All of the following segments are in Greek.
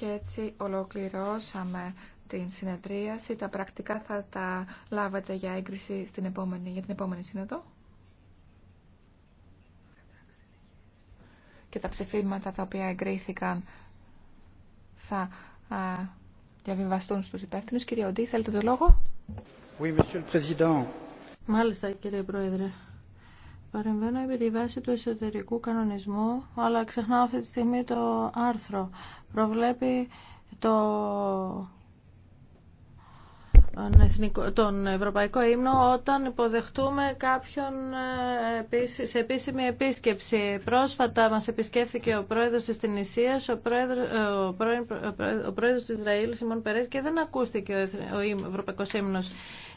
Και έτσι ολοκληρώσαμε την συνεδρίαση. Τα πρακτικά θα τα λάβετε για έγκριση στην επόμενη, για την επόμενη σύνοδο. Και τα ψηφίματα τα οποία εγκρίθηκαν θα α, διαβιβαστούν στους υπεύθυνους. Κύριε Οντή, θέλετε το λόγο. Oui, Μάλιστα, κύριε Πρόεδρε. Παρεμβαίνω επί τη βάση του εσωτερικού κανονισμού, αλλά ξεχνάω αυτή τη στιγμή το άρθρο. Προβλέπει το τον Ευρωπαϊκό Ύμνο όταν υποδεχτούμε κάποιον ε, σε επίσημη επίσκεψη. Πρόσφατα μας επισκέφθηκε ο πρόεδρος της Τινησίας, ο, πρόεδρο, ε, ε, πρόεδρος του Ισραήλ, Σιμών Περές, και δεν ακούστηκε ο, Ευρωπαϊκός Ύμνος.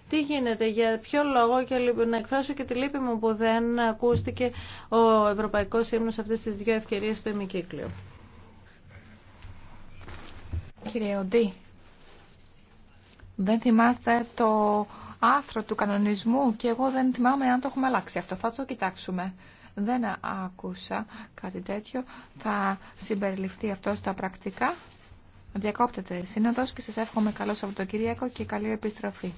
Τι γίνεται, για ποιο λόγο και να εκφράσω και τη λύπη μου που δεν ακούστηκε ο Ευρωπαϊκός Ύμνος αυτές τις δύο ευκαιρίες στο ημικύκλιο. Κύριε Οντή, δεν θυμάστε το άθρο του κανονισμού και εγώ δεν θυμάμαι αν το έχουμε αλλάξει αυτό. Θα το κοιτάξουμε. Δεν άκουσα κάτι τέτοιο. Θα συμπεριληφθεί αυτό στα πρακτικά. Διακόπτεται η σύνοδος και σας εύχομαι καλό Σαββατοκυριακό και καλή επιστροφή.